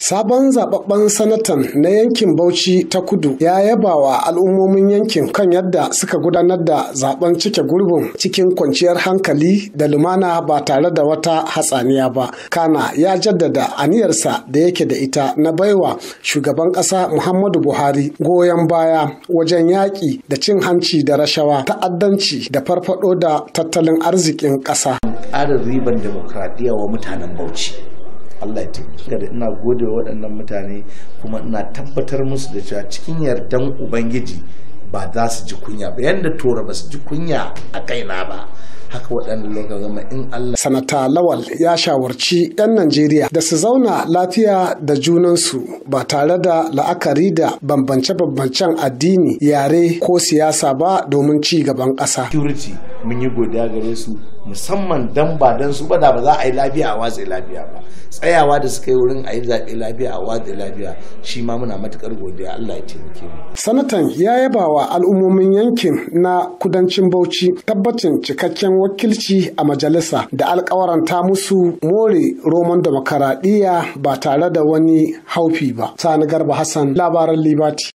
Sabon zababben sanatan na yankin Bauchi ta kudu ya yaba wa al'ummomin yankin kan yadda suka gudanar da zaɓen cike gurbin cikin kwanciyar hankali da lumana ba tare da wata hatsaniya ba. Kana ya jaddada aniyarsa da yake da ita na baiwa shugaban ƙasa Muhammadu Buhari goyon baya wajen yaƙi da cin hanci da rashawa ta'addanci da farfaɗo da tattalin arzikin ƙasa. Ƙarin ribar demokradiyya wa mutanen Bauchi. Allah ya ina gode wa waɗannan mutane kuma ina tabbatar musu da cewa cikin yardan ubangiji ba za su ji kunya ba yadda tora ba su ji kunya a kaina ba haka waɗanda lokacin in Allah. Sanata Lawal ya shawarci 'yan Najeriya da su zauna lafiya da junansu ba tare da la'akari da bambance-bambancen addini, yare ko siyasa ba domin ci gaban ƙasa. Security mun yi godiya gare su musamman dan ba dan su ba da ba za a yi lafiya a watsa lafiya ba tsayawa da suka yi wurin a yi zaɓe lafiya a watsa lafiya shi ma muna matukar godiya Allah ya taimake mu sanatan ya yaba wa al'ummomin yankin na kudancin Bauchi tabbacin cikakken wakilci a majalisa da alkawaranta musu more roman demokaradiyya ba tare da wani haufi ba sani garba hassan labaran libati